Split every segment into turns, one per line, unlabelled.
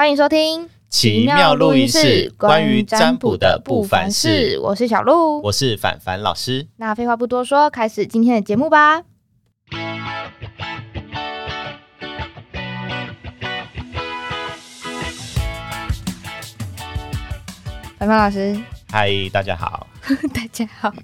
歡迎收聽《奇妙錄音室》關於占卜的不凡事。我是小鹿，
我是凡凡老師。
那廢話不多說，開始今天的節目吧。
凡凡老師，嗨，大家好，
大家好。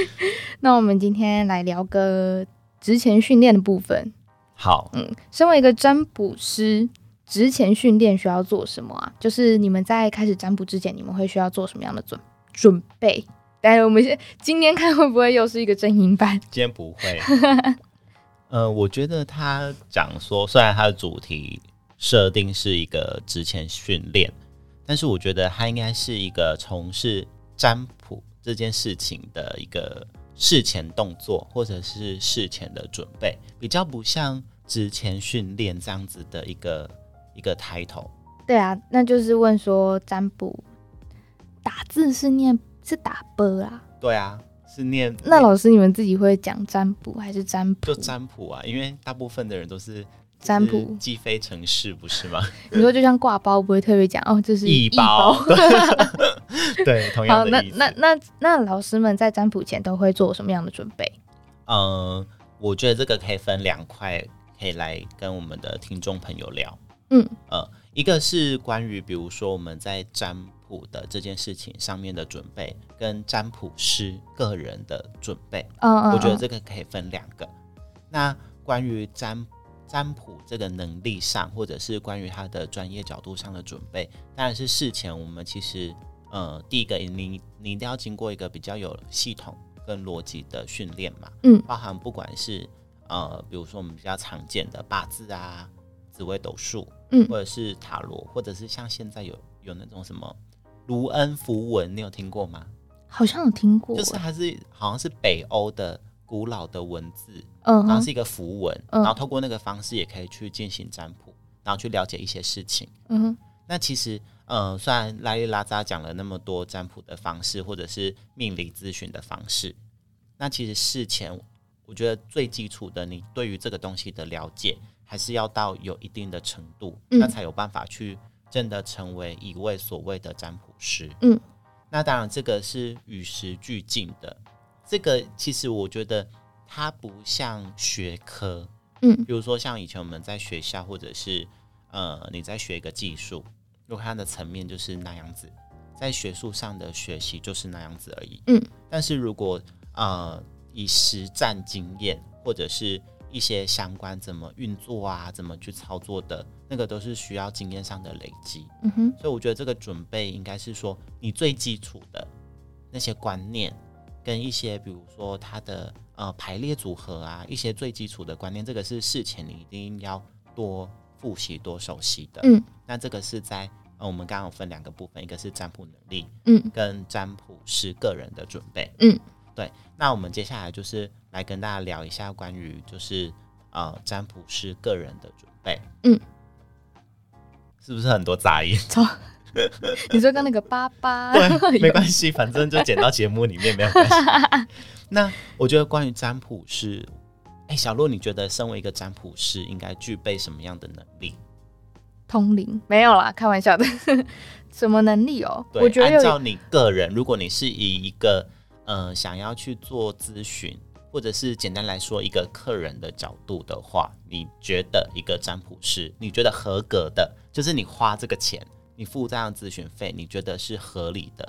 那我們今天來聊個職前訓練的部分。
好，嗯，
身為一個占卜師。職前訓練需要做什麼啊？就是你們在開始占卜之前，你們會需要做什麼樣的準準備？但是我們先今天看會不會又是一個陣營班？今天不會。
呃，我覺得他講說，雖然他的主題設定是一個職前訓練，但是我覺得他應該是一個從事占卜這件事情的一個事前動作，或者是事前的準備，比較不像職前訓練這樣子的一個。一個抬頭，
對啊，那就是問說占卜打字是念是打啵啊？
對啊，是念。那老
師，你們自己會講占卜還是占
卜？就占卜啊，因為大部分的人都是占卜，積非成是不是嗎？你說就
像卦包，不會特別講哦，這是一包，
對，同樣
的意思。好，那那那那老師們在占卜前都會做什麼樣的準備？
嗯，我覺得這個可以分兩塊，可以來跟我們的聽眾朋友聊。嗯呃，一個是關於比如說我們在占卜的這件事情上面的準備，跟占卜師個人的準備，嗯，我覺得這個可以分兩個。那關於占占卜這個能力上，或者是關於他的專業角度上的準備，當然是事前我們其實呃，第一個你你一定要經過一個比較有系統跟邏輯的訓練嘛，嗯，包含不管是呃，比如說我們比較常見的八字啊、紫微斗數。嗯，或者是塔羅、嗯，或者是像現在有有那種什麼盧恩符文，你有聽過嗎？好像有聽過，就是還是好像是北歐的古老的文字，嗯，然後是一個符文，嗯、然後透過那個方式也可以去進行占卜，然後去了解一些事情。嗯，那其實，嗯，雖然拉里拉扎講了那麼多占卜的方式，或者是命理諮詢的方式，那其實事前我覺得最基礎的，你對於這個東西的了解。還是要到有一定的程度，那才有辦法去真的成為一位所謂的占卜師。
嗯，
那當然這個是與時俱進的。這個其實我覺得它不像學科。嗯，比如說像以前我們在學校或者是呃你在學一個技術，如果它的層面就是那樣子，在學術上的學習就是那樣子而已。嗯，但是如果呃，以實戰經驗或者是。一些相關怎麼運作啊，怎麼去操作的那個都是需要經驗上的累積。嗯哼，所以我覺得這個準備應該是說你最基礎的那些觀念，跟一些比如說它的呃排列組合啊，一些最基礎的觀念，這個是事前你一定要多複習、多熟悉的。嗯，那這個是在呃我們剛剛有分兩個部分，一個是占卜能力，嗯，跟占卜師個人的準備，嗯。嗯對，那我們接下來就是來跟大家聊一下關於就是、呃、占卜師個人的準備，
嗯，
是不是很多雜音？你說
跟那個爸爸， 對，沒關
係， 反正就剪到節目裡面沒有關係。
那
我覺得關於占卜師，哎，小鹿，你覺得身為一個占卜師應該具備什麼樣的能力？
通靈？沒有啦，開玩笑的。 什麼能力哦？對，我覺得，按照
你個人，如果你是以一個。嗯、呃，想要去做諮詢，或者是簡單來說，一個客人的角度的話，你覺得一個占卜師，你覺得合格的，就是你花這個錢，你付這樣諮詢費，你覺得是合理的？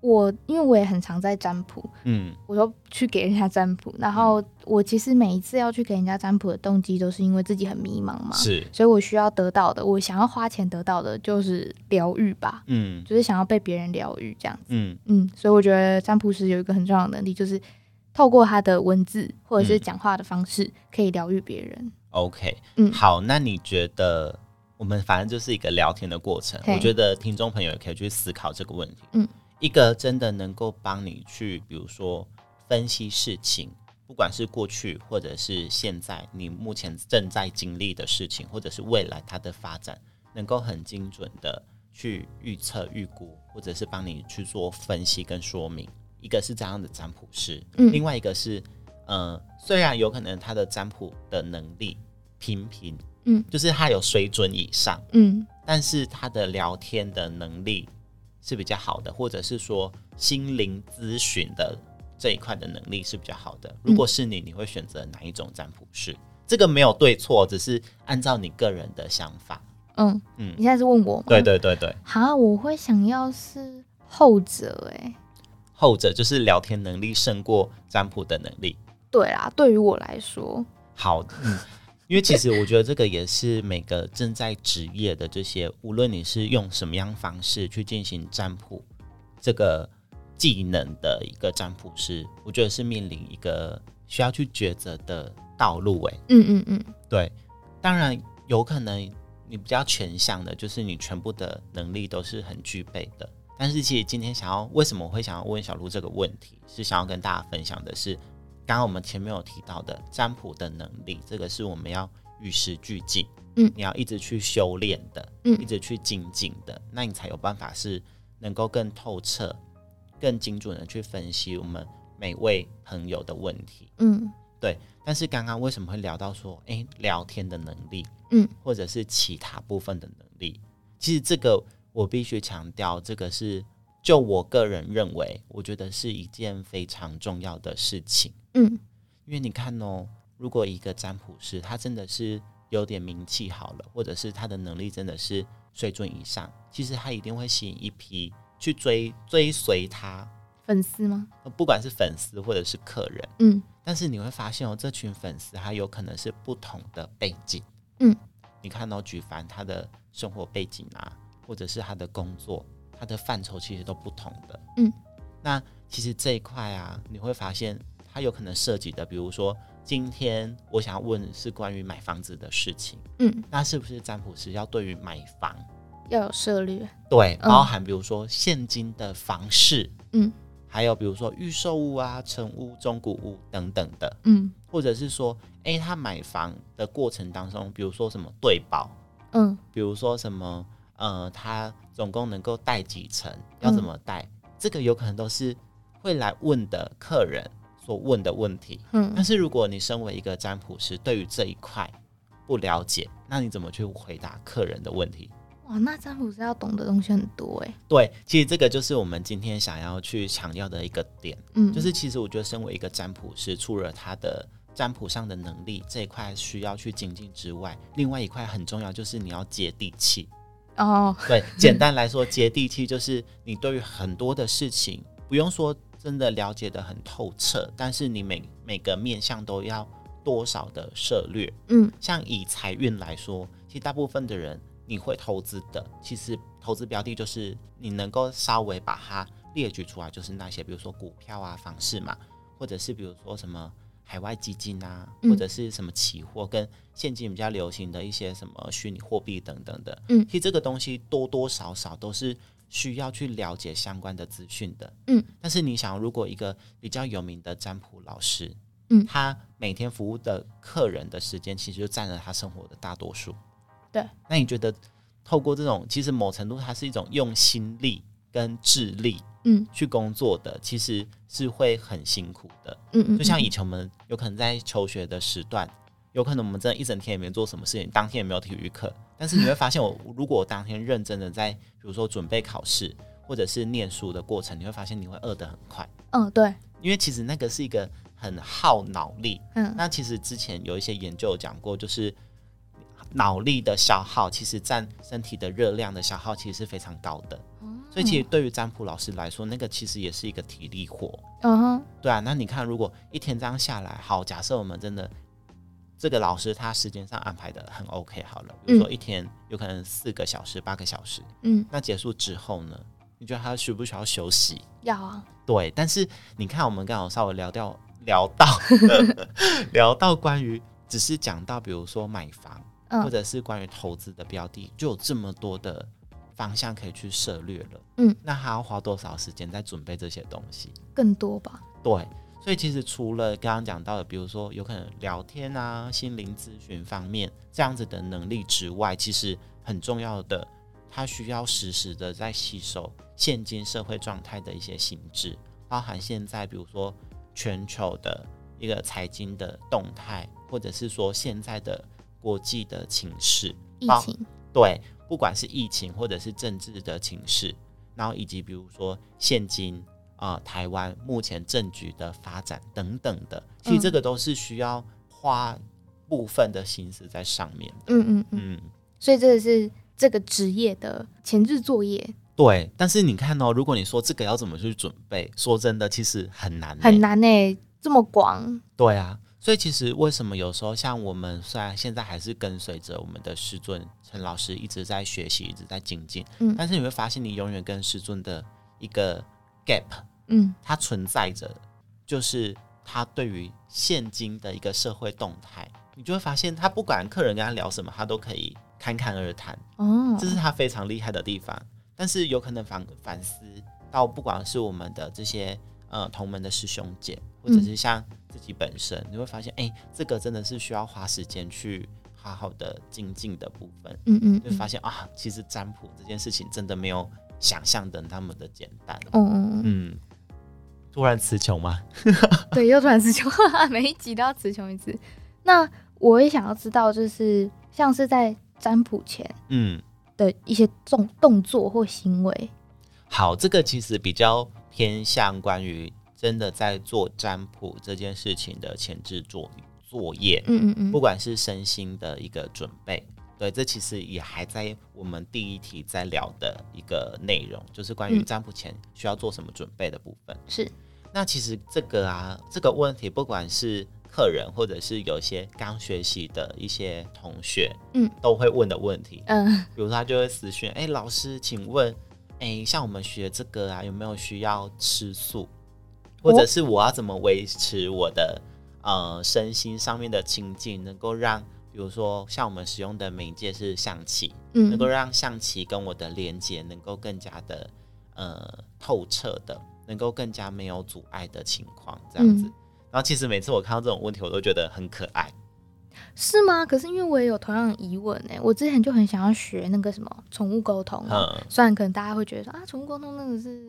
我因為我也很常在占卜，嗯，
我
都去給人家占卜，然後我其實每一次要去給人家占卜的動機，都是因為自己很迷茫嘛，是，所以我需要得到的，我想要花錢得到的就是療癒吧，
嗯，就
是想要被別人療癒這樣子，嗯嗯，所以我覺得占卜師有一個很重要的能力，就是透過他的文字或者是講話的方式，可以療癒別人，
嗯。OK，嗯，好，那你覺得我們反正就是一個聊天的過程，okay, 我覺得聽眾朋友也可以去思考這個問題，嗯。一個真的能夠幫你去，比如說分析事情，不管是過去或者是現在你目前正在經歷的事情，或者是未來它的發展，能夠很精準的去預測、預估，或者是幫你去做分析跟說明。一個是這樣的占卜師，嗯，另外一個是，呃，雖然有可能他的占卜的能力平平，嗯，就是他有水準以上，嗯，但是他的聊天的能力，是比較好的，或者是說心靈諮詢的這一塊的能力是比較好的。嗯、如果是你，你會選擇哪一種占卜師？這個沒有對錯，只是按照你個人的想法。嗯嗯，你現在是問我嗎？對對對對。
好，我會想要是後者。誒、欸，
後者就是聊天能力勝過占卜的能力。
對啊，對於我來說，
好。嗯因為其實我覺得這個也是每個正在職業的這些，無論你是用什麼樣方式去進行占卜這個技能的一個占卜師，我覺得是面臨一個需要去抉擇的道路、欸。誒，嗯
嗯嗯，
對，當然有可能你比較全向的，就是你全部的能力都是很具備的。但是其實今天想要為什麼我會想要問小鹿這個問題，是想要跟大家分享的是。剛剛我們前面有提到的占卜的能力，這個是我們要與時俱進，嗯，你要一直去修煉的，嗯，一直去精進的，那你才有辦法是能夠更透徹、更精準的去分析我們每位朋友的問題，
嗯，
對。但是剛剛為什麼會聊到說，誒、哎，聊天的能力，嗯，或者是其他部分的能力？其實這個我必須強調，這個是就我個人認為，我覺得是一件非常重要的事情。嗯，因為你看哦，如果一個占卜師他真的是有點名氣好了，或者是他的能力真的是水準以上，其實他一定會吸引一批去追追隨他
粉絲
嗎？
不管是粉絲或者是客人，嗯，但是你會發現哦，這群粉絲他有可能是不同的背景，嗯，你看哦，舉凡他的生活背景啊，或者是他的工作，他的範疇其實都不同的，嗯，那其實這一塊啊，你會發現。他有可能涉及的，比如說今天我想要問是關於買房子的事情，嗯，那是不是占卜師要對於買房
要有涉獵？
對、嗯，包含比如說現金的房市，嗯，還有比如說預售屋啊、成屋、中古屋等等的，嗯，或者是說，哎、欸，他買房的過程當中，比如說什麼對保，嗯，比如說什麼，呃，他總共能夠貸幾成，要怎麼貸，嗯，這個有可能都是會來問的客人，所問的問題，嗯，但是如果你身為一個占卜師，對於這一塊不了解，那你怎麼去回答客人的問題？
哇，那占卜師要懂的東西很多哎、
欸。對，其實這個就是我們今天想要去強調的一個點，嗯，就是其實我覺得身為一個占卜師，除了他的占卜上的能力這一塊需要去精進之外，另外一塊很重要就是你要接地氣哦。對，簡單來說， 接地氣就是你對於很多的事情不用說。真的了解得很透徹，但是你每每個面向都要多少的涉略？嗯，像以財運來說，其實大部分的人你會投資的，其實投資標的就是你能夠稍微把它列舉出來，就是那些比如說股票啊、房市嘛，或者是比如說什麼海外基金啊，嗯、或者是什麼期貨跟現今比較流行的一些什麼虛擬貨幣等等的。嗯，其實這個東西多多少少都是。需要去了解相關的資訊的，嗯，但是你想，如果一個比較有名的占卜老師，嗯，他每天服務的客人的時間，其實就占了他生活的大多數，對、嗯。那你覺得，透過這種，其實某程度它是一種用心力跟智力，嗯，去工作的、嗯，其實是會很辛苦的，嗯嗯，就像以前我們有可能在求學的時段。有可能我們真的，一整天也沒做什麼事情，當天也沒有體育課，但是你會發現我，我、嗯、如果我當天認真的在，比如說準備考試或者是念書的過程，你會發現你會餓得很快。嗯、哦，對，因為其實那個是一個很耗腦力。嗯，那其實之前有一些研究有講過，就是腦力的消耗其實占身體的熱量的消耗其實是非常高的。嗯、所以其實對於占卜老師來說，那個其實也是一個體力活。
嗯哼，
對啊，那你看，如果一天這樣下來，好，假設我們真的。這個老師他時間上安排的很 OK，好了，比如說一天有可能四個小時、八、嗯、個小時，嗯，那結束之後呢，你覺得他需不需要休息？要啊。對，但是你看，我們剛好稍微聊到聊到 聊到關於，只是講到比如說買房、哦，或者是關於投資的標的，就有這麼多的方向可以去涉獵了，嗯，那他要花多少時間在準備這些東西？
更多吧。
對。所以，其實除了剛剛講到的，比如說有可能聊天啊、心靈諮詢方面這樣子的能力之外，其實很重要的，它需要實時的在吸收現今社會狀態的一些性質，包含現在比如說全球的一個財經的動態，或者是說現在的國際的情勢，疫情對，不管是疫情或者是政治的情勢，然後以及比如說現金。啊、呃，台灣目前政局的發展等等的，其實這個都是需要花部分的心思在上面的。
嗯
嗯嗯。所以這個是這個職業的前置作業。
對，但是你看哦，如果你說這個要怎麼去準備，說真的，其實很難、欸。很難
呢、欸，這麼廣。
對啊，所以其實為什麼有時候像我們雖然現在還是跟隨着我們的師尊陳老師一直在學習，一直在精進、嗯，但是你會發現你永遠跟師尊的一個 gap。嗯，它存在着，就是他對於現今的一個社會動態，你就會發現他不管客人跟他聊什麼，他都可以侃侃而談，哦，這是他非常厲害的地方。但是有可能反反思到，不管是我們的這些呃同門的師兄姐，或者是像自己本身，嗯、你會發現，哎、欸，這個真的是需要花時間去好好的精進的部分，嗯嗯，嗯，你就會發現啊，其實占卜這件事情真的沒有想象的那麼的簡單，嗯嗯嗯。突然詞窮嗎？
對，又突然詞窮。每一集都要詞窮一次。那我也想要知道，就是像是在占卜前，嗯，的一些動動作或行為，
嗯。好，這個其實比較偏向關於真的在做占卜這件事情的前置作作業。嗯嗯嗯。不管是身心的一個準備，對，這其實也還在我們第一題在聊的一個內容，就是關於占卜前需要做什麼準備的部分，嗯、是。那其實這個啊，這個問題不管是客人或者是有些剛學習的一些同學，嗯，都會問的問題，嗯，比如說他就會私訊，哎、欸，老師，請問，哎、欸，像我們學這個啊，有沒有需要吃素？或者是我要怎麼維持我的、哦、呃身心上面的清靜，能夠讓比如說像我們使用的媒介是象棋，嗯、能夠讓象棋跟我的連接能夠更加的、呃、透徹的。能夠更加沒有阻礙的情況，這樣子、嗯。然後其實每次我看到這種問題，我都覺得很可愛，
是嗎？可是因為我也有同樣的疑問呢、欸。我之前就很想要學那個什麼寵物溝通、嗯，雖然可能大家會覺得說啊，寵物溝通真的是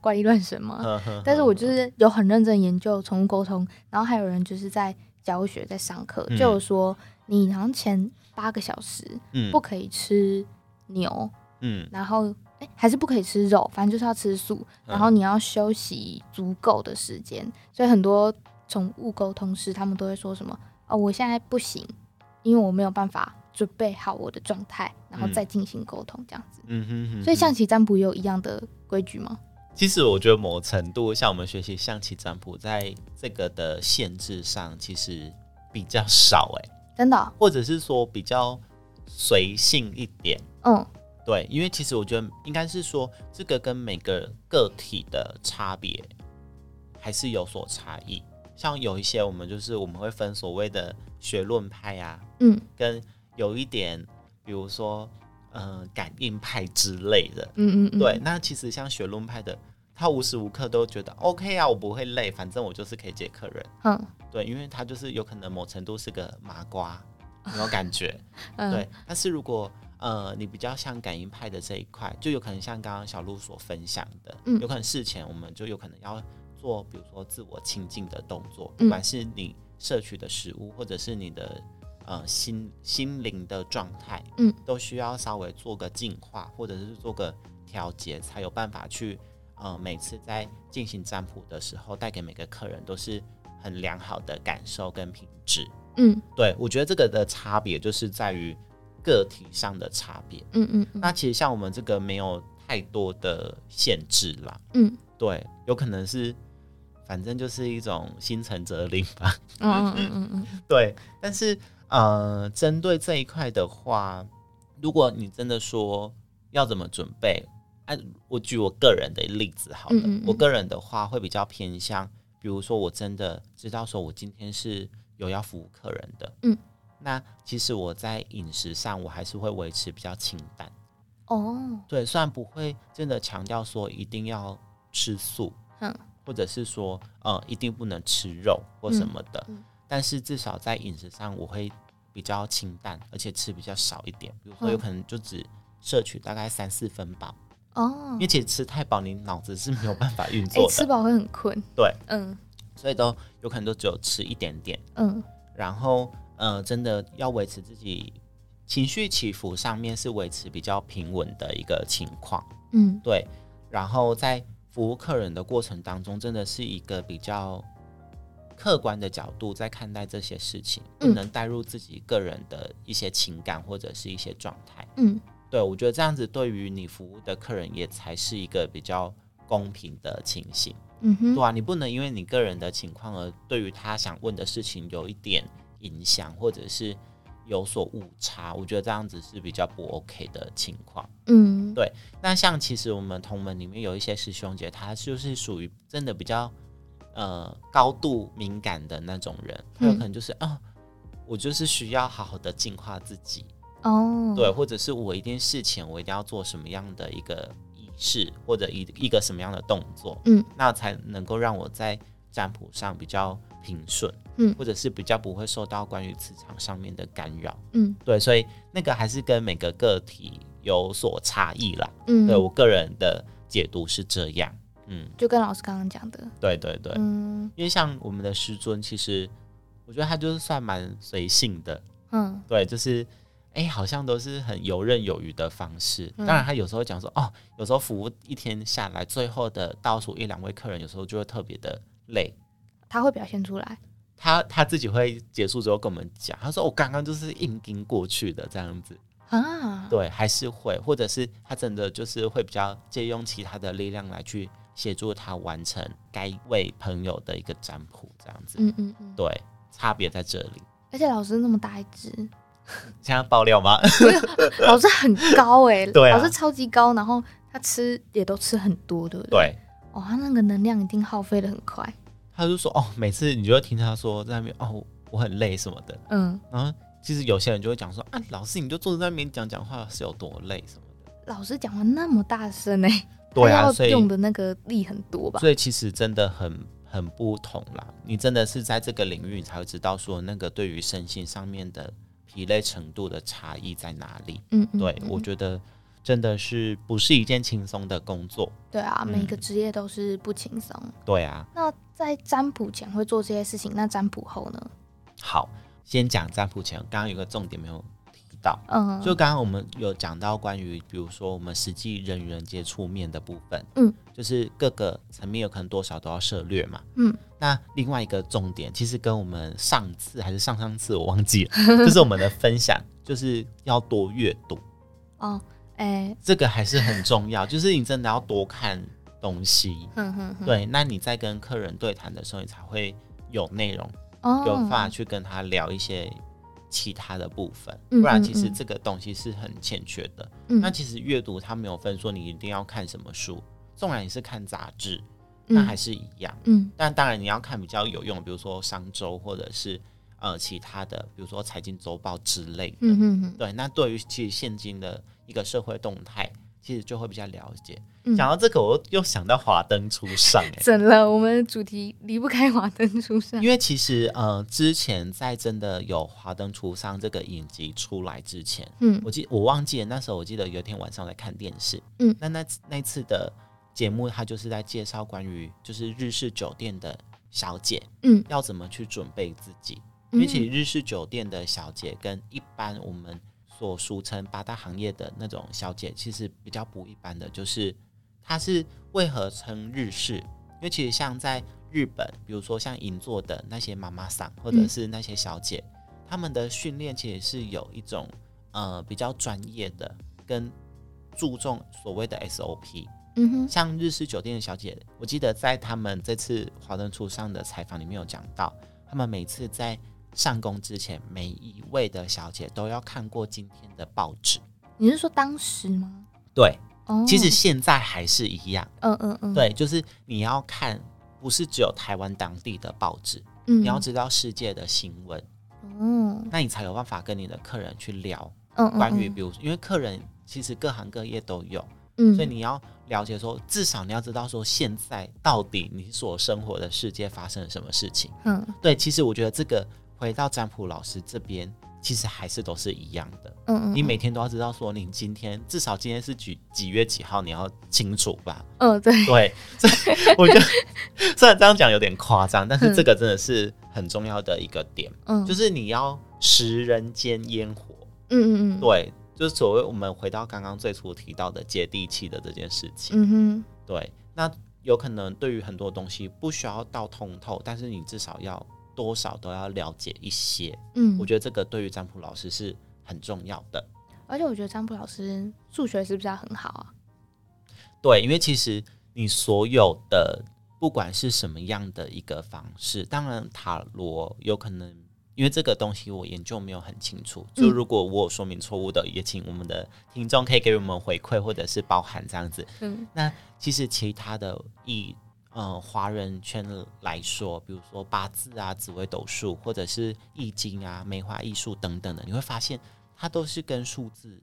怪力亂神嗎、嗯？但是我就是有很認真研究寵物溝通、嗯，然後還有人就是在教學、在上課、嗯，就有說你好像前八個小時不可以吃牛，嗯，然後。哎，還是不可以吃肉，反正就是要吃素。然後你要休息足夠的時間。嗯，所以很多寵物溝通師他們都會說什麼：“哦，我現在不行，因為我沒有辦法準備好我的狀態，然後再進行溝通。”這樣子。
嗯，
嗯哼嗯哼。所以象
棋占卜有一樣的規矩嗎？
其實我覺得某程度像我們學習象棋占卜，在這個的限制上其實比較少哎、欸，真的、哦。或者是說比較隨性一點。嗯。對，因為其實我覺得應該是說，這個跟每個個體的差別還是有所差異。像有一些我們就是我們會分所謂的學論派呀、啊，嗯，跟有一點，比如說，嗯、呃，感應派之類的，嗯嗯嗯，對，那其實像學論派的，他無時無刻都覺得 OK 啊，我不會累，反正我就是可以接客人，嗯，對，因為他就是有可能某程度是個麻瓜，有沒有感覺、 嗯，
對。
但是如果呃，你比較像感應派的這一塊，就有可能像剛剛小鹿所分享的，嗯，有可能事前我們就有可能要做，比如說自我清淨的動作，不、嗯、管是你攝取的食物，或者是你的呃心心靈的狀態，嗯，都需要稍微做個淨化，或者是做個調節，才有辦法去，呃，每次在進行占卜的時候，帶給每個客人都是很良好的感受跟品質，嗯，對我覺得這個的差別就是在於。個體上的差別，嗯，嗯嗯，那其實像我們這個沒有太多的限制啦，嗯，對，有可能是反正就是一種心誠則靈吧，嗯嗯嗯 對。但是呃，針對這一塊的話，如果你真的說要怎麼準備，按、啊、我舉我個人的一個例子好了，嗯嗯嗯，我個人的話會比較偏向，比如說我真的知道說我今天是有要服務客人的，嗯。那其實我在飲食上，我還是會維持比較清淡哦。Oh. 對，雖然不會真的強調說一定要吃素，嗯、huh.，或者是說呃一定不能吃肉或什麼的，嗯嗯、但是至少在飲食上我會比較清淡，而且吃比較少一點。比如說，有可能就只攝取大概三四分飽哦、嗯。因為其實吃太飽，你腦子是沒有辦法運作的。欸、吃
飽會很困。
對，嗯，所以都有可能都只有吃一點點。嗯，然後。嗯、呃，真的要維持自己情緒起伏上面是維持比較平穩的一個情況，嗯，對。然後在服務客人的過程當中，真的是一個比較客觀的角度在看待這些事情，嗯、不能帶入自己個人的一些情感或者是一些狀態，嗯，對。我覺得這樣子對於你服務的客人也才是一個比較公平的情形，嗯哼，對啊，你不能因為你個人的情況而對於他想問的事情有一點影響或者是有所誤差，我覺得這樣子是比較不 OK 的情況。嗯，對。那像其實我們同門裡面有一些師兄姐，他就是屬於真的比較呃高度敏感的那種人，他、嗯、有可能就是啊，我就是需要好好的淨化自己
哦。對，
或者是我一件事情，我一定要做什麼樣的一個儀式，或者一一個什麼樣的動作，嗯，那才能夠讓我在占卜上比較。平順，嗯，或者是比較不會受到關於磁場上面的干擾，嗯，對，所以那個還是跟每個個體有所差異啦，嗯，對，我個人的解讀是這樣，嗯，
就跟老師剛剛講的，
對對對，嗯，因為像我們的師尊，其實我覺得他就是算蠻隨性的，
嗯，
對，就是哎、欸，好像都是很遊刃有餘的方式，嗯，當然他有時候講說，哦，有時候服務一天下來，最後的倒數一兩位客人，有時候就會特別的累。
他會表現出來，
他他自己會結束之後跟我們講，他說我剛剛就是硬拼過去的這樣子啊，對，還是會，或者是他真的就是會比較借用其他的力量來去協助他完成該位朋友的一個占卜這樣子，嗯嗯，嗯，對，差別在這裡。
而且老師那麼大一隻，
像 要爆料嗎 ？
老師很高哎、欸， 對、啊，老師超級高，然後他吃也都吃很多，對不對？對，哦，他那個能量一定耗費的很快。
他就說哦，每次你就會聽他說在那邊哦，我很累什麼的，嗯，然後其實有些人就會講說啊，老師你就坐在那邊講講話是有多累什麼
的，老師講話那麼大聲呢？
對啊，所以用
的那個力很多吧，所以，所
以其實真的很很不同啦，你真的是在這個領域你才會知道說那個對於身心上面的疲累程度的差異在哪裡，嗯，嗯，嗯，對我覺得。真的是不是一件輕鬆的工作？
對啊，嗯、每一個職業都是不輕鬆。
對啊。那
在占卜前會做這些事情，那占卜後呢？
好，先講占卜前，剛剛有個重點沒有提到，嗯，就剛剛我們有講到關於，比如說我們實際人與人接觸面的部分，嗯，就是各個層面有可能多少都要涉略嘛，嗯。那另外一個重點，其實跟我們上次還是上上次我忘記了， 就是我們的分享，就是要多閱讀。哦。這個還是很重要，就是你真的要多看東西哼哼
哼，對。
那你在跟客人對談的時候，你才會有內容，哦、有法去跟他聊一些其他的部分。嗯嗯嗯，不然，其實這個東西是很欠缺的、嗯。那其實閱讀它沒有分說你一定要看什麼書，縱然你是看雜誌，那還是一樣，嗯。嗯。但當然你要看比較有用的，比如說《商周》或者是呃其他的，比如說《財經週報》之類的。嗯哼哼，對，那對於其實現今的。一個社會動態，其實就會比較了解。講、嗯、到這個，我又想到《華燈初上、欸》。整
了，我們主題離不開《華燈初上》，因為
其實呃，之前在真的有《華燈初上》這個影集出來之前，嗯，我記我忘記了，那時候我記得有一天晚上在看電視，嗯，那那那次的節目，它就是在介紹關於就是日式酒店的小姐，嗯，要怎麼去準備自己，比、嗯、起日式酒店的小姐，跟一般我們。做俗稱八大行業的那種小姐，其實比較不一般的就是，她是為何稱日式？因為其實像在日本，比如說像銀座的那些媽媽桑或者是那些小姐，他、嗯、們的訓練其實是有一種呃比較專業的，跟注重，所謂的 SOP、嗯。像日式酒店的小姐，我記得在他們這次《華燈初上》的採訪裡面有講到，他們每次在上工之前，每一位的小姐都要看過今天的報紙。
你是說當時嗎？
對，oh. 其實現在還是一樣。嗯嗯
嗯。對，
就是你要看，不是只有台灣當地的報紙。Um. 你要知道世界的新聞。哦、uh.。那你才有辦法跟你的客人去聊。嗯嗯。關於，比如說，uh, uh, uh. 因為客人其實各行各業都有。嗯、uh.。所以你要了解說，至少你要知道說，現在到底你所生活的世界發生了什麼事情。嗯、uh.。對，其實我覺得這個。回到占卜老師這邊，其實還是都是一樣的。嗯嗯，你每天都要知道說，你今天至少今天是幾幾月幾號，你要清楚吧？嗯、哦，對對，okay. 我覺得 雖然這樣講有點誇張，但是這個真的是很重要的一個點。嗯，就是你要食人間煙火。嗯嗯嗯，對，就是所謂我們回到剛剛最初提到的接地氣的這件事情。嗯哼，對。那有可能對於很多東西不需要到通透，但是你至少要。多少都要了解一些，嗯，我覺得這個對於占卜老師是很重要的。
而且我覺得占卜老師數學是不是要很好啊？
對，因為其實你所有的不管是什麼樣的一個方式，當然塔羅有可能，因為這個東西我研究沒有很清楚，就如果我有說明錯誤的、嗯，也請我們的聽眾可以給我們回饋或者是包涵這樣子。嗯，那其實其他的一呃，華人圈來說，比如說八字啊、紫微斗數，或者是易經啊、梅花藝術等等的，你會發現它都是跟數字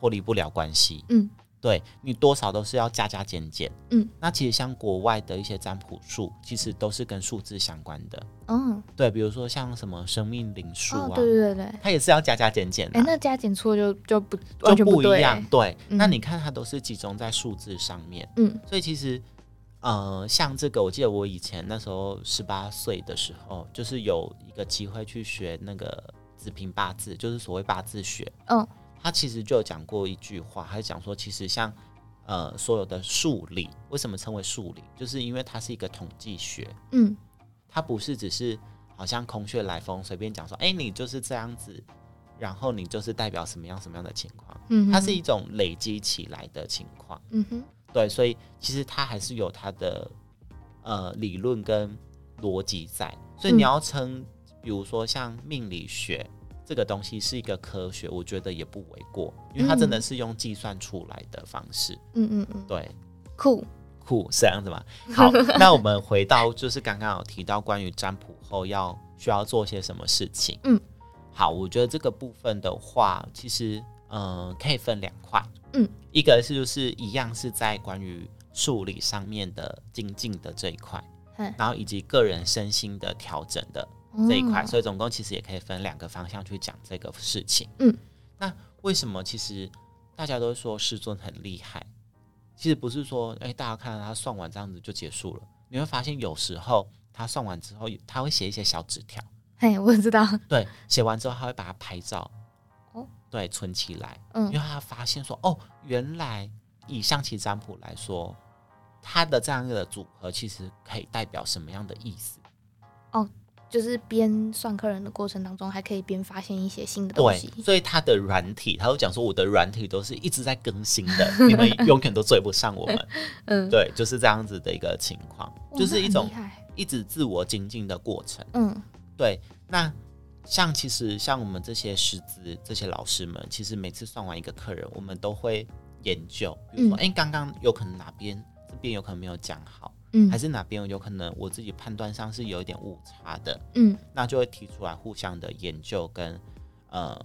脫離不了關係。嗯，對你多少都是要加加減減。嗯，那其實像國外的一些占卜術，其實都是跟數字相關的。嗯、哦，對，比如說像什麼生命靈數啊、哦，對對對，對它也是要加加減減、啊。哎、欸，
那加減錯就就不，不、欸、就不一樣對、嗯。
對，那你看它都是集中在數字上面。嗯，所以其實。呃，像這個，我記得我以前那時候十八歲的時候，就是有一個機會去學那個子平八字，就是所謂八字學。嗯、oh.，他其實就講過一句話，他講說，其實像呃所有的數理，為什麼稱為數理，就是因為它是一個統計學。嗯，它不是只是好像空穴來風，隨便講說，哎，你就是這樣子，然後你就是代表什麼樣什麼樣的情況。嗯，它是一種累積起來的情況。嗯哼。對，所以其實它還是有它的呃理論跟邏輯在，所以你要稱、嗯，比如說像命理學這個東西是一個科學，我覺得也不為過，因為它真的是用計算出來的方式。嗯嗯嗯，對，酷酷是這樣子嗎？好， 那我們回到就是剛剛有提到關於占卜後要需要做些什麼事情。嗯，好，我覺得這個部分的話，其實嗯、呃、可以分兩塊。嗯，一個是就是一樣是在關於數理上面的精進的這一塊，嗯，然後以及個人身心的調整的這一塊，嗯，所以總共其實也可以分兩個方向去講這個事情。嗯，那為什麼其實大家都說師尊很厲害？其實不是說，哎，欸，大家看到他算完這樣子就結束了。你會發現有時候他算完之後，他會寫一些小紙條。
嘿，嗯，我知道。
對，寫完之後他會把它拍照。對，存起來。嗯，因為他發現說，哦，原來以象棋占卜來說，它的這樣一個組合其實可以代表什麼樣的意思。
哦，就是邊算客人的過程當中，還可以邊發現一些新的東西。對，
所以他的軟體，他都講說，我的軟體都是一直在更新的， 你們永遠都追不上我們。
嗯，對，
就是這樣子的一個情況，嗯，就是一種一直自我精進的過程。
嗯，
對，那。像其實像我們這些師資、這些老師們，其實每次算完一個客人，我們都會研究，比如說，哎、嗯，欸，剛剛有可能哪邊這邊有可能沒有講好，嗯，還是哪邊有可能我自己判斷上是有一點誤差的，嗯，那就會提出來互相的研究跟呃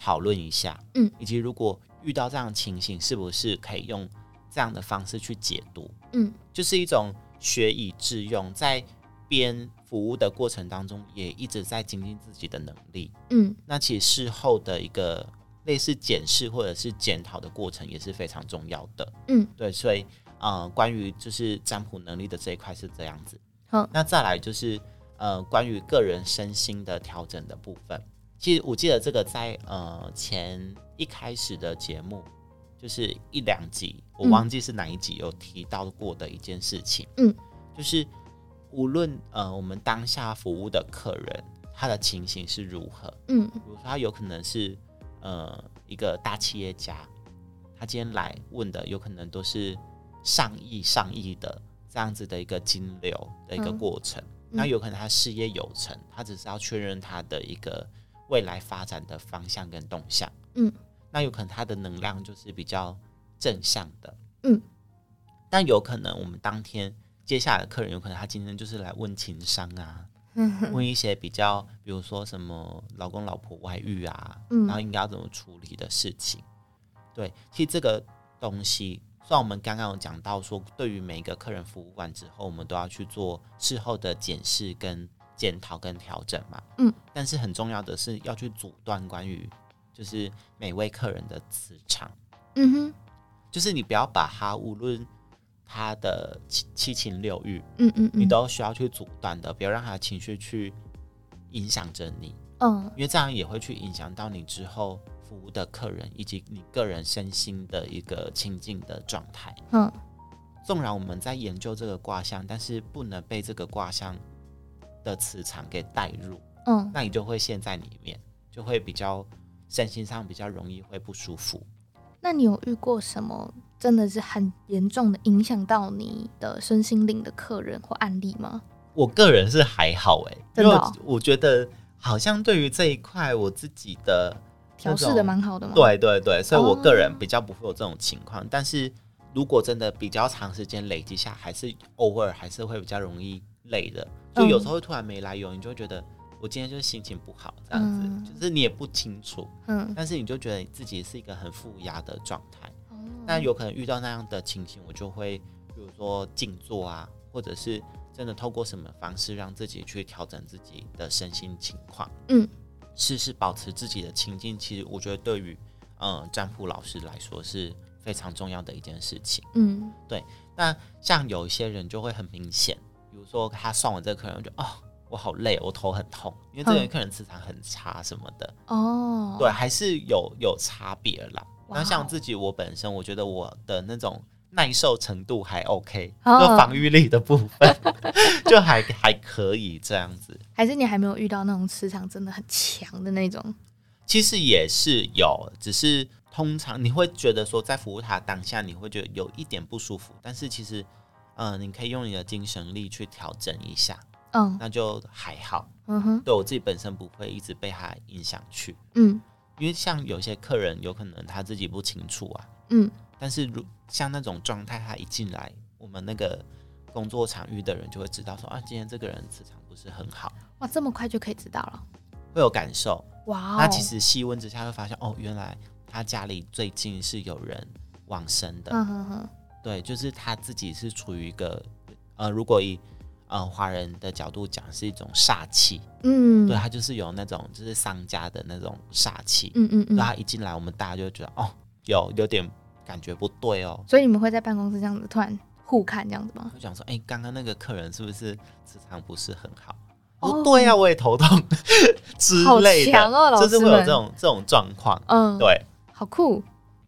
討論一下，嗯，以及如果遇到這樣的情形，是不是可以用這樣的方式去解讀，嗯，就是一種學以致用在邊。服務的過程當中，也一直在精進自己的能力。嗯，那其實事後的一個類似檢視或者是檢討的過程也是非常重要的。嗯，對，所以啊、呃，關於就是占卜能力的這一塊是這樣子。好，那再來就是呃，關於個人身心的調整的部分。其實我記得這個在呃前一開始的節目，就是一兩集、嗯，我忘記是哪一集有提到過的一件事情。嗯，就是。無論呃，我們當下服務的客人，他的情形是如何？嗯，比如說他有可能是呃一個大企業家，他今天來問的有可能都是上億、上億的這樣子的一個金流的一個過程。嗯，那有可能他事業有成，他只是要確認他的一個未來發展的方向跟動向。
嗯，
那有可能他的能量就是比較正向的。嗯，但有可能我們當天。接下來的客人有可能他今天就是來問情商啊， 問一些比較，比如說什麼老公老婆外遇啊，嗯、然後應該要怎麼處理的事情。對，其實這個東西，雖然我們剛剛有講到說，對於每一個客人服務完之後，我們都要去做事後的檢視、跟檢討、跟調整嘛。嗯，但是很重要的是要去阻斷關於就是每位客人的磁場。
嗯哼，
就是你不要把他無論。他的七七情六欲，嗯嗯，嗯，你都需要去阻斷的，不要讓他的情緒去影響着你，嗯，因為這樣也會去影響到你之後服務的客人以及你個人身心的一個清靜的狀態，嗯。縱然我們在研究這個卦象，但是不能被這個卦象的磁場給帶入，嗯，那你就會陷在裡面，就會比較身心上比較容易會不舒服。
那你有遇過什麼？真的是很嚴重的影響到你的身心靈的客人或案例嗎？
我個人是還好哎、欸，真的、哦，我覺得好像對於這一塊我自己的調試的蠻好的嘛，對對對，所以我個人比較不會有這種情況、哦。但是如果真的比較長時間累積下，還是偶爾還是會比較容易累的，就有時候會突然沒來由，你就覺得我今天就是心情不好這樣子、嗯，就是你也不清楚，嗯，但是你就覺得你自己是一個很負壓的狀態。那有可能遇到那樣的情形，我就會，比如說靜坐啊，或者是真的透過什麼方式讓自己去調整自己的身心情況。嗯，試試保持自己的情境。其實我覺得對於嗯占卜老師來說是非常重要的一件事情。嗯，對。那像有一些人就會很明顯，比如說他上完這個客人，就哦我好累，我頭很痛，因為這個客人磁場很差什麼的。
哦、嗯，
對，還是有有差別啦。那像我自己，我本身我覺得我的那種耐受程度還 OK，、oh. 就防禦力的部分 就還還可以這樣子。
還是你還沒有遇到那種磁場真的很強的那種？
其實也是有，只是通常你會覺得說在服務他當下，你會覺得有一點不舒服。但是其實，嗯、呃，你可以用你的精神力去調整一下，嗯、oh.，那就還好。嗯、uh、哼 -huh.，對我自己本身不會一直被他影響去，嗯、mm.。因為像有些客人，有可能他自己不清楚啊，嗯，但是如像那種狀態，他一進來，我們那個工作場域的人就會知道說，說啊，今天這個人磁場不是很好。
哇，這麼快就可以知道了？
會有感受，哇、wow，那其實細問之下會發現，哦，原來他家裡最近是有人往生的，嗯哼哼，對，就是他自己是處於一個，呃，如果以呃，華人的角度講是一種煞氣，嗯，對，他就是有那種就是商家的那種煞氣，嗯嗯嗯。然後、嗯、一進來，我們大家就覺得哦，有有點感覺不對哦。
所以你們會在辦公室這樣子突然互看這樣子嗎？
會講說，哎、欸，剛剛那個客人是不是磁場不是很好？哦，對呀、啊，我也頭痛 之類的好強啊，老師們，就是會有這種這種狀況，嗯，對，好酷，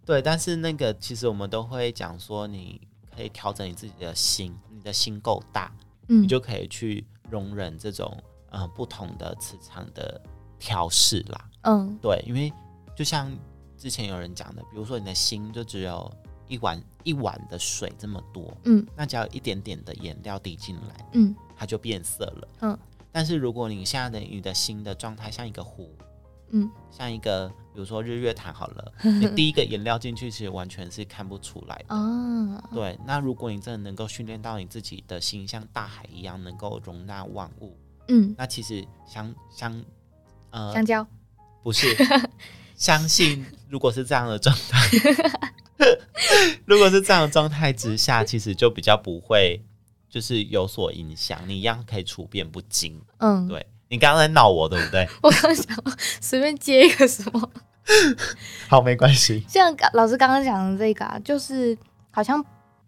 對。但是那個其實我們都會講說，你可以調整你自己的心，你的心夠大。你就可以去容忍這種、呃、不同的磁場的調試啦。嗯，對，因為就像之前有人講的，比如說你的心就只有一碗一碗的水這麼多，嗯，那只要一點點的顏料滴進來，嗯，它就變色了。嗯，但是如果你現在的你的心的狀態像一個湖。嗯，像一個比如說日月潭好了，呵呵，你第一個顏料進去其實完全是看不出來的。哦，對，那如果你真的能夠訓練到你自己的心像大海一樣，能夠容納萬物。嗯，那其實相相，呃香蕉不是相信，如果是這樣的狀態， 如果是這樣的狀態之下，其實就比較不會就是有所影響，你一樣可以處變不驚。嗯，對。你剛剛在鬧我，對不對？
我剛剛想隨便接一個什麼
好，沒關係。
像老師剛剛講的這個啊，就是好像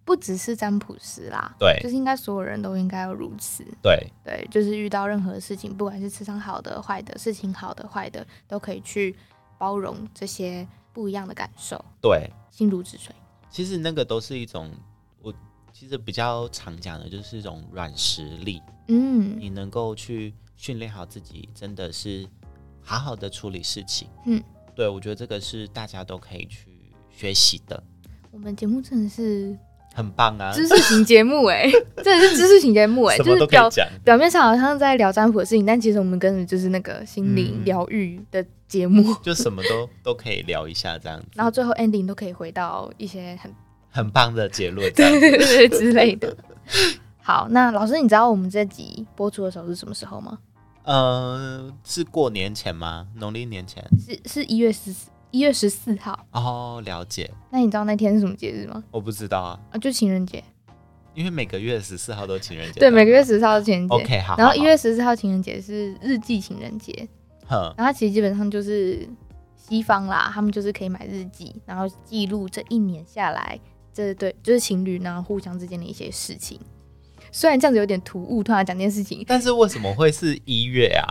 不只是占卜師啦，對，就是應該所有人都應該要如此。對，對，就是遇到任何事情，不管是磁場好的壞的，事情好的壞的，都可以去包容這些不一樣的感受。
對，
心如止水。
其實那個都是一種我其實比較常講的，就是一種軟實力。嗯，你能夠去。訓練好自己，真的是好好的處理事情。嗯，對，我覺得這個是大家都可以去學習的。
我們節目真的是
很棒啊，知識
型節目哎、欸， 真的是知識型節目哎、欸， 就是表什麼都可以講。表面上好像在聊占卜的事情，但其實我們跟著就是那個心靈療癒的節目，嗯、 就什麼
都都可以聊一下這樣子。
然後最後 ending 都可以回到一些很
很棒的結論 對， 對
之類的。 好，那老師，你知道我們這集播出的時候是什麼時候嗎？
呃，是過年前嗎？農曆年前。
是，是一月十四，一月十四號。
哦，了解。
那你知道那天是什麼節日嗎？
我不知道啊。
啊，就情人節，
因為每個月十四號都是情人節。對，每個月十四號是情人節。OK，好,好,好。然後一
月十四號情人節是日記情人節，
哼。
然後它其實基本上就是西方啦，他們就是可以買日記，然後記錄這一年下來，這對就是情侶呢互相之間的一些事情。雖然這樣子有點突兀，突然講這件事情，但是為什麼
會是一月啊？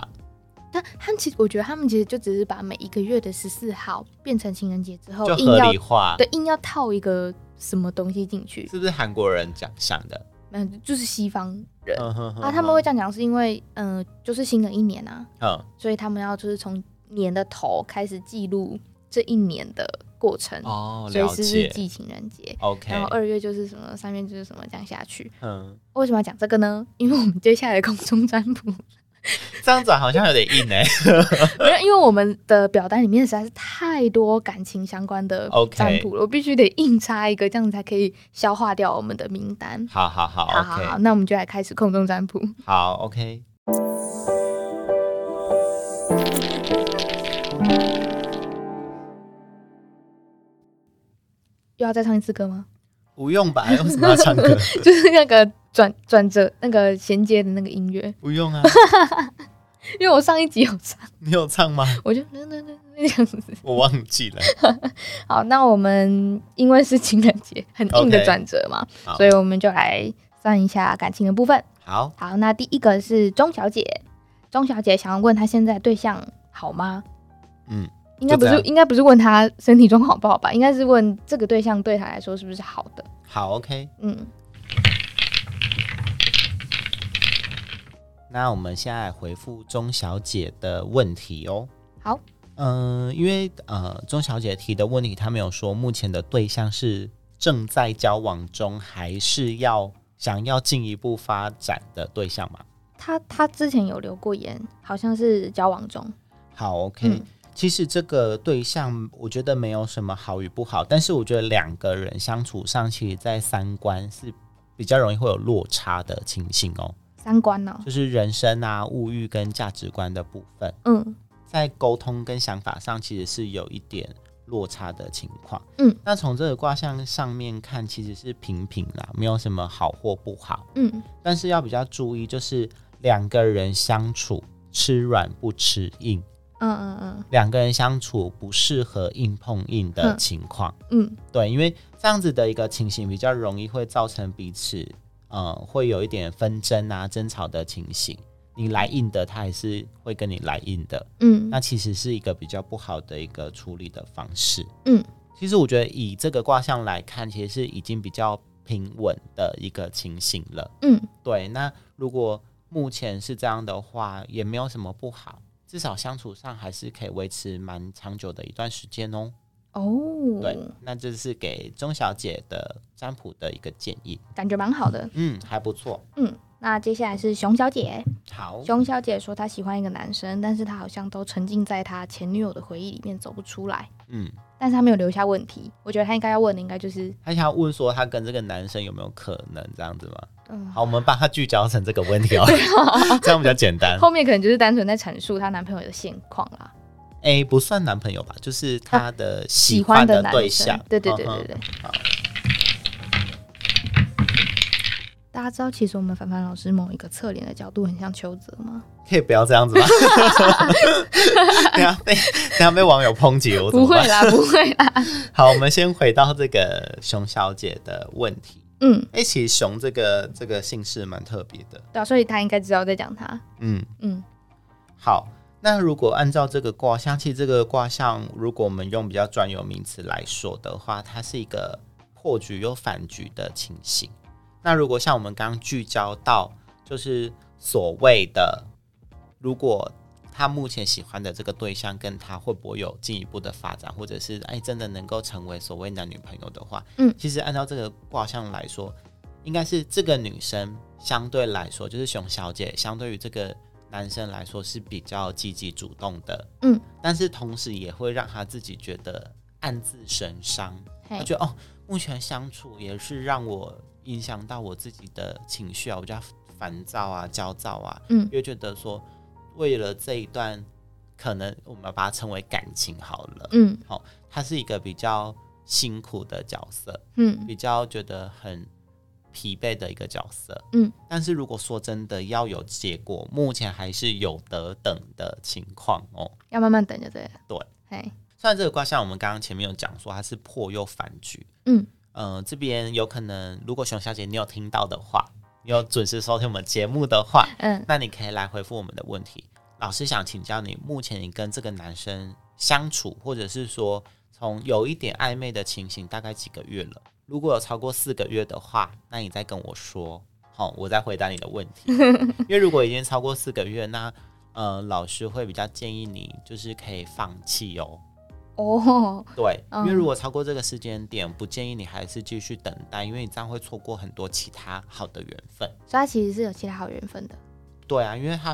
但 他，
他們其實，我覺得他們其實就只是把每一個月的十四號變成情人節之後，就合理化，硬要，對，硬要套一個什麼東西進去，
是不是韓國人講想的？
嗯，就是西方
人、uh、huh huh huh 啊，他們會
這樣講，是因為嗯、呃，就是新的一年啊，嗯、uh huh.，所以他們要就是從年的頭開始記錄這一年的過程哦，所以是日記情人節，OK。然後二月就是什麼，上面就是什麼，這樣下去。嗯，為什麼要講這個呢？因為我們接下來的空中占卜，
這樣子好像有點硬哎、
欸。 因為我們的表單裡面實在是太多感情相關的占卜了，okay, 我必須得硬插一個，這樣子才可以消化掉我們的名單。好好好，好，好 o、okay、那我們就來開始空中占卜
好。好，OK。
又要再唱一次歌嗎？
不用吧，為什麼要唱歌？ 就是
那個轉轉折，那個銜接的那個音樂。
不用
啊，
因為我上一集有唱。
你有唱嗎？我就那那那那樣子。我忘記了。
好，那我們因為是情人節，很硬的轉折嘛、okay.，所以我們就來算一下感情的部分。好，好，那第一個是鍾小姐，鍾小姐想要問她現在的對象好嗎？嗯。應該不是，應該不是問他身體狀況好不好吧？應該是問這個對象對他來說是不是好的？
好，OK，嗯。那我們現在回復鍾小姐的問題哦。好，嗯、呃，因為呃，鍾小姐提的問題，她沒有說目前的對象是正在交往中，還是要想要進一步發展的對象嘛？
她她之前有留過言，好像是交往中。
好，OK。嗯其實這個對象，我覺得沒有什麼好與不好，但是我覺得兩個人相處上，其實，在三觀是比較容易會有落差的情形哦。
三觀呢、哦，就是
人生啊、物欲跟價值觀的部分。嗯，在溝通跟想法上，其實是有一點落差的情況。嗯，那從這個卦象上面看，其實是平平啦、啊，沒有什麼好或不好。嗯，但是要比較注意，就是兩個人相處，吃軟不吃硬。嗯嗯嗯，兩個人相處不適合硬碰硬的情況。嗯，對，因為這樣子的一個情形比較容易會造成彼此，呃，會有一點紛爭啊、爭吵的情形。你來硬的，他還是會跟你來硬的。嗯，那其實是一個比較不好的一個處理的方式。
嗯，
其實我覺得以這個卦象來看，其實是已經比較平穩的一個情形了。嗯，對。那如果目前是這樣的話，也沒有什麼不好。至少相處上還是可以維持蠻長久的一段時間哦。哦、
oh,，對，
那這是給鍾小姐的占卜的一個建議，
感覺蠻好的，
嗯，還不錯，嗯。
那接下來是熊小姐，
好，熊
小姐說她喜歡一個男生，但是他好像都沉浸在他前女友的回憶裡面走不出來，嗯。但是他沒有留下問題，我覺得他應該要問的應該就是
他想要問說他跟這個男生有沒有可能這樣子嗎？嗯，好，我們把他聚焦成這個問題哦， 這樣比較簡單。 後
面可能就是單純在闡述她男朋友的現況啦
，a 不算男朋友吧，就是她的，他喜，歡的喜歡的對象，對對對對對，對。 好
大家知道，其實我們凡凡老師某一個側臉的角度很像邱澤嗎？
可以不要這樣子嗎？哈 哈 等下被等下被網友抨擊，我怎麼辦？不會啦，不會啦。 好，我們先回到這個熊小姐的問題。嗯，欸、其實熊這個這個姓氏蠻特別的，
對啊，所以他應該知道在講他。嗯嗯。
好，那如果按照這個卦象，其實這個卦象，如果我們用比較專有名詞來說的話，它是一個破局又反局的情形。那如果像我們剛剛聚焦到，就是所謂的，如果他目前喜歡的這個對象跟他會不會有進一步的發展，或者是哎、欸，真的能夠成為所謂男女朋友的話，嗯，其實按照這個卦象來說，應該是這個女生相對來說，就是熊小姐相對於這個男生來說是比較積極主動的，嗯，但是同時也會讓他自己覺得暗自神傷，他覺得哦，目前相處也是讓我。影響到我自己的情緒啊，我就要煩躁啊、焦躁啊，嗯，因為覺得說，為了這一段，可能我們要把它稱為感情好了，嗯，好、哦，它是一個比較辛苦的角色，嗯，比較覺得很疲憊的一個角色，嗯，但是如果說真的要有結果，目前還是有得等的情況哦，
要慢慢等就對了，對，嘿、hey.，
雖然這個卦象我們剛剛前面有講說它是破又反局，嗯。嗯、呃，這邊有可能，如果熊小姐你有聽到的話，你有準時收聽我們節目的話，嗯，那你可以來回復我們的問題。老師想請教你，目前你跟這個男生相處，或者是說從有一點曖昧的情形，大概幾個月了？如果有超過四個月的話，那你再跟我說，好、哦，我再回答你的問題。 因為如果已經超過四個月，那呃，老師會比較建議你就是可以放棄哦。哦、oh，對、嗯，因為如果超過這個時間點，不建議你還是繼續等待，因為你這樣會錯過很多其他好的緣分。
所以他其實是有其他好緣分的。
對啊，因為他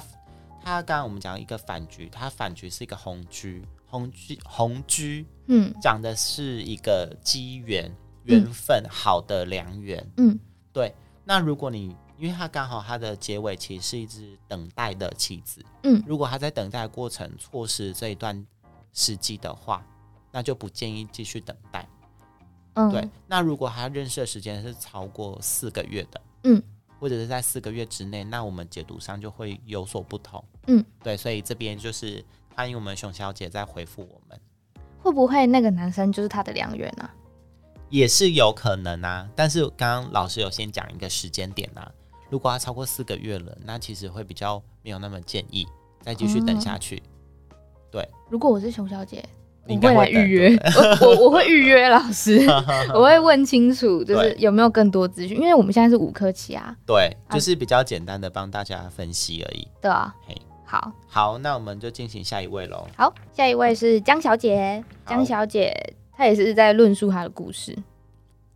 他剛剛我們講一個反局，他反局是一個紅局，紅局紅局，嗯，講的是一個機緣緣分，好的良緣，嗯，對。那如果你因為他剛好他的結尾其實是一隻等待的棋子，嗯，如果他在等待的過程錯失這一段時機的話。.那就不建議繼續等待。嗯，
對。
那如果他認識的時間是超過四個月的，嗯，或者是在四個月之內，那我們解讀上就會有所不同。嗯，對。所以這邊就是歡迎我們熊小姐再回復我們。
會不會那個男生就是他的良緣呢、啊？
也是有可能啊。但是剛剛老師有先講一個時間點啊，如果他超過四個月了，那其實會比較沒有那麼建議再繼續等下去，嗯嗯。對。
如果我是熊小姐。
你會 我，我，我會來預約，我
我會預約老
師， 我
會問清楚，就是有沒有更多資訊， 因為我們現在是五科期啊。
對，啊、就是比較簡單的幫大家分析而已。對啊，嘿，好，好，那我們就進行下一位嘍。
好，下一位是江小姐，江小姐她也是在論述她的故事。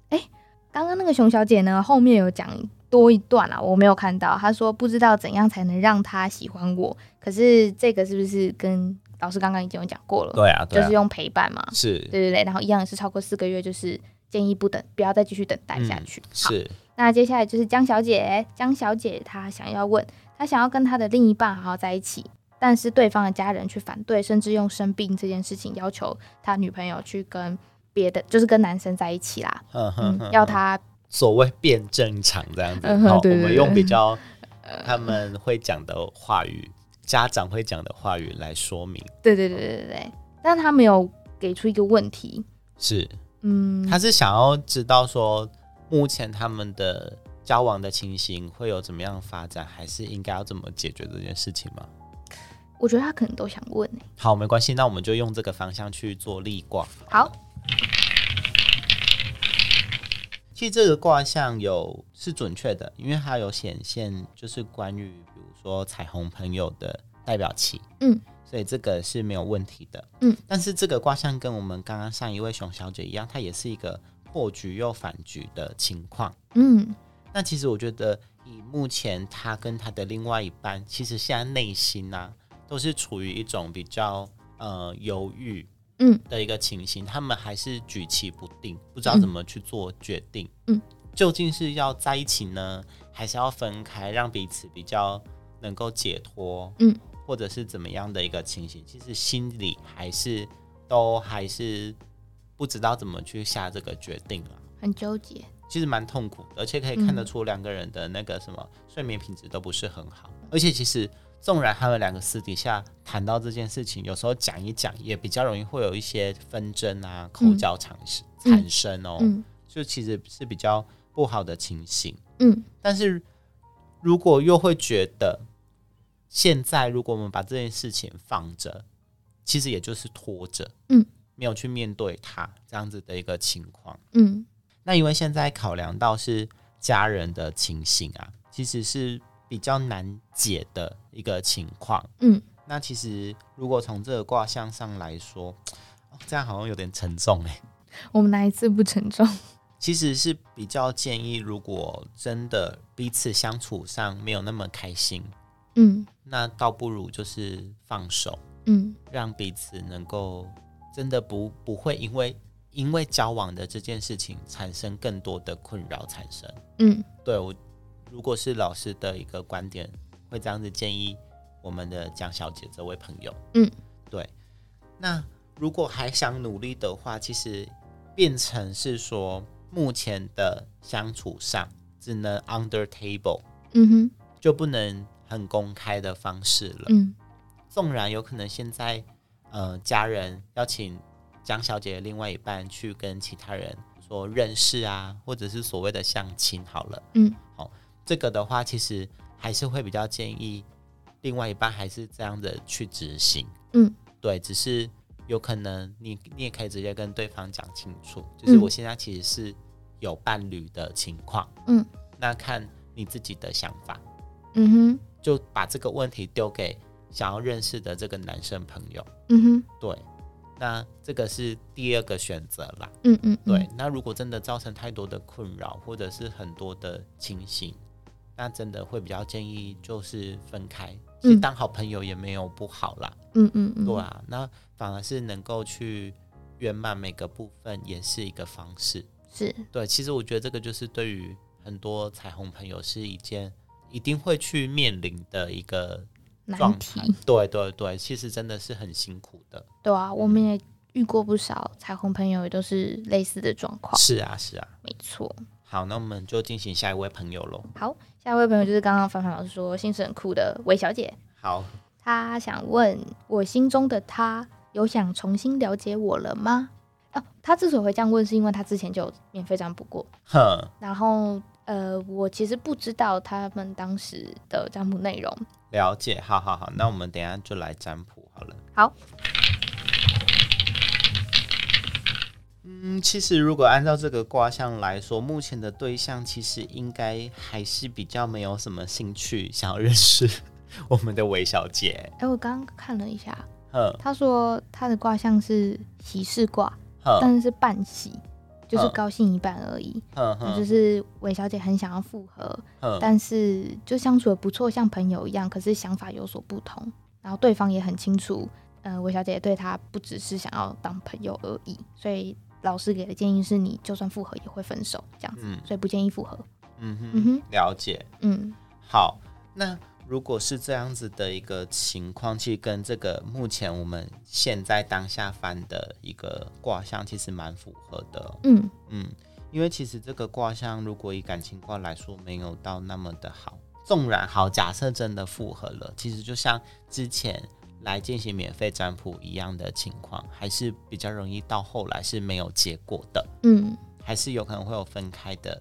哎、欸，剛剛那個熊小姐呢，後面有講多一段啊，我沒有看到。她說不知道怎樣才能讓她喜歡我，可是這個是不是跟？老師剛剛已經有講過了對、啊，對啊，就是用陪伴嘛，是對對對，然後一樣也是超過四個月，就是建議不等，不要再繼續等待下去。嗯、是，那接下來就是江小姐，江小姐她想要問，她想要跟她的另一半好好在一起，但是對方的家人卻反對，甚至用生病這件事情要求她女朋友去跟別的，就是跟男生在一起啦，嗯哼、嗯嗯嗯
嗯嗯嗯，要他所謂變正常這樣子，嗯、好對對對，我們用比較他們會講的話語。嗯 家長會講的話語來說明，
對對對對對，但他沒有給出一個問題，是，嗯，他是
想要知道說目前他們的交往的情形會有怎麼樣發展，還是應該要怎麼解決這件事情嗎？
我覺得他可能都想問。
好，沒關係，那我們就用這個方向去做立卦。好，其實這個卦象有是準確的，因為它有顯現，就是關於。說彩虹朋友的代表旗嗯，所以這個是沒有問題的，嗯，但是這個卦象，跟我們剛剛上一位熊小姐一樣，它也是一個破局又反局的情況，嗯，那其實我覺得以目前他跟他的另外一半，其實現在內心呢、啊，都是處於一種比較呃猶豫，嗯的一個情形，嗯、他們還是舉棋不定，不知道怎麼去做決定，嗯，究竟是要在一起呢，還是要分開，讓彼此比較。能夠解脫，嗯，或者是怎麼樣的一個情形，嗯、其實心裡還是都還是不知道怎麼去下這個決定了、
啊，很糾結，
其實蠻痛苦的，而且可以看得出兩個人的那個什麼睡眠品質都不是很好，嗯、而且其實縱然他們兩個私底下談到這件事情，有時候講一講也比較容易會有一些紛爭啊、口角產生產生哦、嗯，就其實是比較不好的情形，嗯，但是如果又會覺得。現在如果我們把這件事情放着，其實也就是拖着，嗯，沒有去面對他這樣子的一個情況，
嗯，
那因為現在考量到是家人的情形啊，其實是比較難解的一個情況，嗯，那其實如果從這個卦象上來說、哦，這樣好像有點沉重哎、欸，
我們哪一次不沉重？
其實是比較建議，如果真的彼此相處上沒有那麼開心。嗯，那倒不如就是放手，嗯，讓彼此能夠真的不不會因為因為交往的這件事情產生更多的困擾產生，嗯，對，我如果是老師的一個觀點，會這樣子建議我們的江小姐這位朋友，嗯，對，那如果還想努力的話，其實變成是說目前的相處上只能 under table，嗯
哼，
就不能，很公開的方式了，嗯，縱然有可能現在，呃，家人邀請江小姐的另外一半去跟其他人說認識啊，或者是所謂的相親好了，嗯，好，哦，這個的話其實還是會比較建議另外一半還是這樣的去執行，嗯，對，只是有可能你你也可以直接跟對方講清楚，就是我現在其實是有伴侶的情況，嗯，那看你自己的想法，嗯哼。就把這個問題丟給想要認識的這個男生朋友。嗯哼，對，那這個是第二個選擇啦。嗯，嗯嗯，對，那如果真的造成太多的困擾，或者是很多的情形，那真的會比較建議就是分開。嗯、其實當好朋友也沒有不好啦。嗯嗯嗯，對啊，那反而是能夠去圓滿每個部分，也是一個方式。是對，其實我覺得這個就是對於很多彩虹朋友是一件。一定會去面臨的一個難題，對對對，其實真的是很辛苦的。
對啊，我們也遇過不少彩虹朋友，也都是類似的狀
況，嗯。是啊，是啊，沒錯。好，那我們就進行下一位朋友嘍。
好，下一位朋友就是剛剛凡凡老師說心很苦的韋小姐。好，他想問，我心中的他有想重新了解我了嗎？哦、啊，他之所以會這樣問，是因為他之前就免費占卜過。
哼，
然後。呃，我其實不知道他們當時的占卜內容。
了解，好好好，那我們等一下就來占卜好了。好。嗯，其實如果按照這個卦象來說，目前的對象其實應該還是比較沒有什麼興趣想要認識我們的韋小姐。
哎、欸，我剛看了一下，嗯，他說他的卦象是喜事卦，但是是半喜，就是高興一半而已，
呵呵，就是
韋小姐很想要復合，但是就相處得不錯，像朋友一樣，可是想法有所不同。然後對方也很清楚，呃，韋小姐對他不只是想要當朋友而已。所以老師給的建議是你就算復合也會分手這樣子，嗯、所以不建議復合。
嗯。嗯哼，了解。嗯，好，那。如果是這樣子的一個情況，其實跟這個目前我們現在當下翻的一個卦象其實蠻符合的哦。嗯嗯，因為其實這個卦象如果以感情卦來說，沒有到那麼的好。縱然好，假設真的複合了，其實就像之前來進行免費占卜一樣的情況，還是比較容易到後來是沒有結果的。嗯，還是有可能會有分開的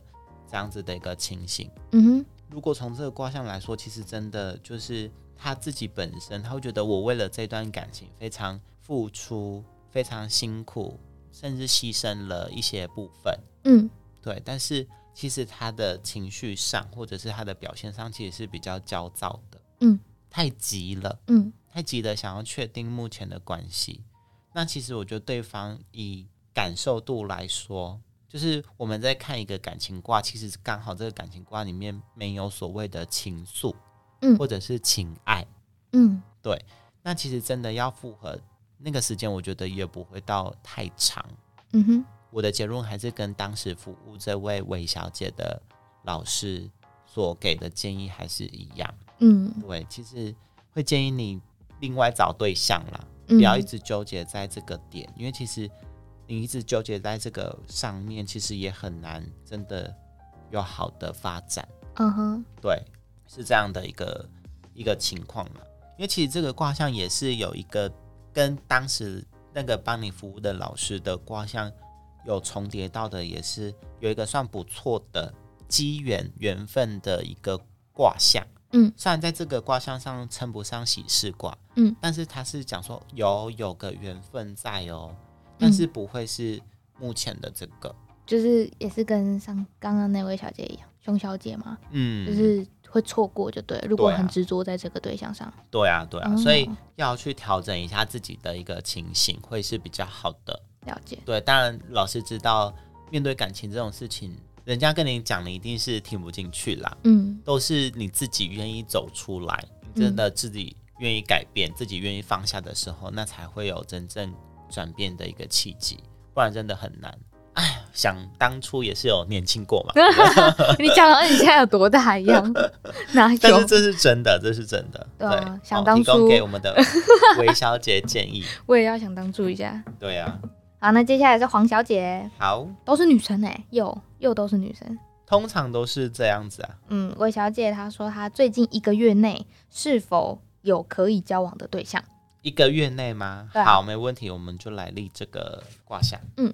這樣子的一個情形。嗯哼。如果從這個卦象來說，其實真的就是他自己本身，他會覺得我為了這段感情非常付出、非常辛苦，甚至犧牲了一些部分。嗯，對。但是其實他的情緒上，或者是他的表現上，其實是比較焦躁的。嗯，太急了。嗯，太急了想要確定目前的關係。那其實我覺得對方以感受度來說。就是我們在看一個感情卦，其實剛好這個感情卦裡面沒有所謂的情愫，嗯，或者是情愛，嗯，對。那其實真的要復合，那個時間我覺得也不會到太長，嗯
哼。
我的結論還是跟當時服務這位韋小姐的老師所給的建議還是一樣，嗯，對。其實會建議你另外找對象啦，不要一直糾結在這個點，嗯，因為其實。你一直糾結在這個上面，其實也很難真的有好的發展。嗯哼，對，是這樣的一個一個情況嘛。因為其實這個卦象，也是有一個跟當時那個幫你服務的老師的卦象有重疊到的，也是有一個算不錯的機緣緣分的一個卦象。嗯，雖然在這個卦象上稱不上喜事卦，嗯，但是他是講說有有個緣分在哦。但是不會是目前的這個，嗯、
就是也是跟像剛剛那位小姐一樣，熊小姐嘛，嗯，就是會錯過，就對了，對啊。如果很執着在這個對象上，
對啊，對啊、嗯，所以要去調整一下自己的一個情形，會是比較好的。了解，對。當然，老師知道，面對感情這種事情，人家跟你講，你一定是聽不進去啦。嗯，都是你自己願意走出來，真的自己願意改變，嗯、自己願意放下的時候，那才會有真正。轉變的一個契機，不然真的很難。哎，想當初也是有年輕過嘛。 你
講到你現在有多大一樣？哪， 有？但是這
是真的，這是真的。
對、啊對，想當初，哦，給我們的
韋小姐建議。
我也要想當初一下。
對啊，
好，那接下來是黃小姐。好，都是女生哎，欸，又又都是女生，
通常都是這樣子啊。嗯，
韋小姐她說，她最近一個月內是否有可以交往的對象？
一個月內嗎？對啊。好，沒問題，我們就來立這個卦象。嗯，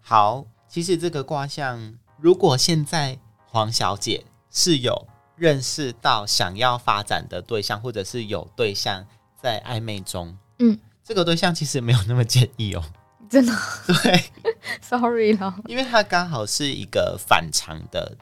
好，其實這個卦象，如果現在黃小姐是有認識到想要發展的對象，或者是有對象在曖昧中，嗯，這個對象其實沒有那麼建議哦。真的？對
，Sorry 啦，
因為他剛好是一個反常的。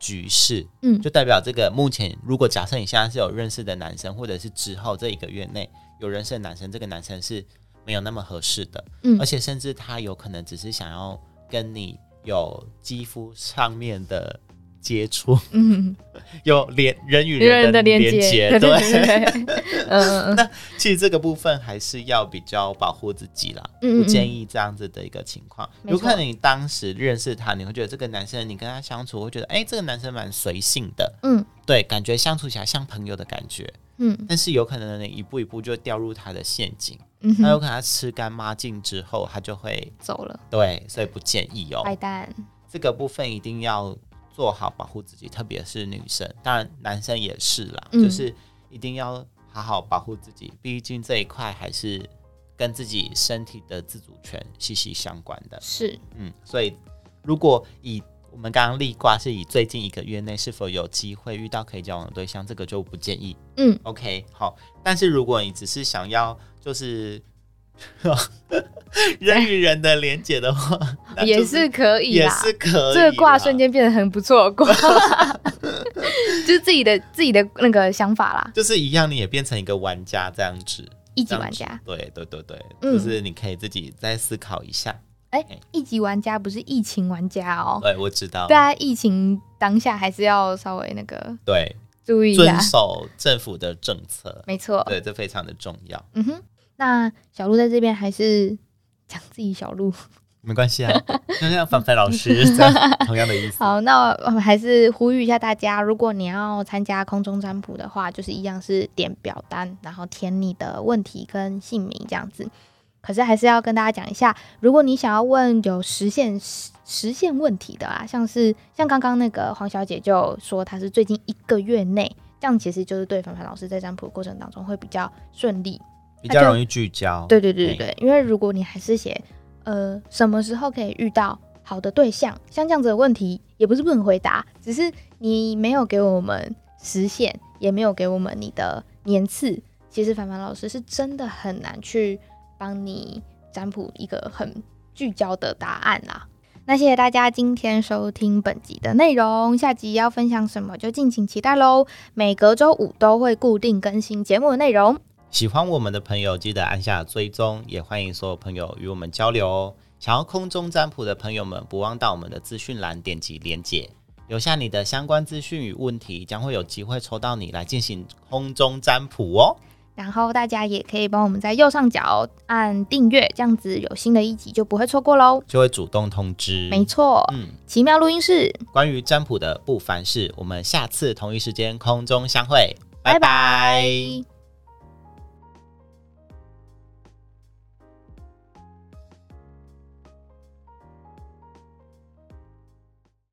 局勢，嗯，就代表這個目前，如果假設你現在是有認識的男生，或者是之後這一個月內有認識的男生，這個男生是沒有那麼合適的，嗯，而且甚至他有可能只是想要跟你有肌膚上面的接觸，嗯， 有連人與人的連結，對嗯、 呃，那其實這個部分還是要比較保護自己了、嗯嗯，不建議這樣子的一個情況。有可能你當時認識他，你會覺得這個男生，你跟他相處會覺得，哎、欸，這個男生蠻隨性的，嗯，對，感覺相處起來像朋友的感覺，嗯，但是有可能你一步一步就掉入他的陷阱，嗯，那有可能他吃乾抹淨之後，他就會走了，對，所以不建議哦，壞蛋，這個部分一定要。做好保護自己，特別是女生，當然男生也是啦、嗯，就是一定要好好保護自己。畢竟這一塊還是跟自己身體的自主權息息相關的。是，嗯，所以如果以我們剛剛立卦是以最近一個月內是否有機會遇到可以交往的對象，這個就不建議。嗯，OK，好。但是如果你只是想要就是。 人與人的連接的話、 就是，也是
可以啦，也是可以啦，這個卦瞬間變得很不錯卦， 就是自己的自己的那個想法啦。就是一
樣，你也變成一個玩家這樣子，一級玩家。對對對對、嗯，就是你可以自己再思考一下。
哎、嗯欸，一級玩家不是疫情玩家哦。對，我知道。對啊，疫情當下還是要稍微那個
對注意一下，遵守政府的政策，沒錯，對，這非常的重要。嗯哼。
那小鹿在這邊還是講自己，小鹿
沒關係啊，凡 凡老師
這樣 同樣的意思。好，那我們還是呼籲一下大家，如果你要參加空中占卜的話，就是一樣是點表單，然後填你的問題跟姓名這樣子。可是還是要跟大家講一下，如果你想要問有實現實實現問題的啊，像是像剛剛那個黃小姐就說她是最近一個月內，這樣其實就是對凡凡老師在占卜的過程當中會比較順利。比較容易
聚焦，啊、對對對對，對、
欸，因為如果你還是寫，呃，什麼時候可以遇到好的對象，像這樣子的問題，也不是不能回答，只是你沒有給我們時限，也沒有給我們你的年次，其實凡凡老師是真的很難去幫你占卜一個很聚焦的答案啦，啊。那謝謝大家今天收聽本集的內容，下集要分享什麼就敬請期待嘍，每隔周五都會固定更新節目的內容。
喜歡我們的朋友，記得按下追蹤，也歡迎所有朋友與我們交流哦。想要空中占卜的朋友們，不忘到我們的資訊欄點擊連結，留下你的相關資訊與問題，將會有機會抽到你來進行空中占卜哦。
然後大家也可以幫我們在右上角按訂閱，這樣子有新的一集就不會錯過嘍，
就會主動通知。沒錯，嗯，
奇妙錄音室
關於占卜的不凡事，我們下次同一時間空中相會，拜拜。拜拜。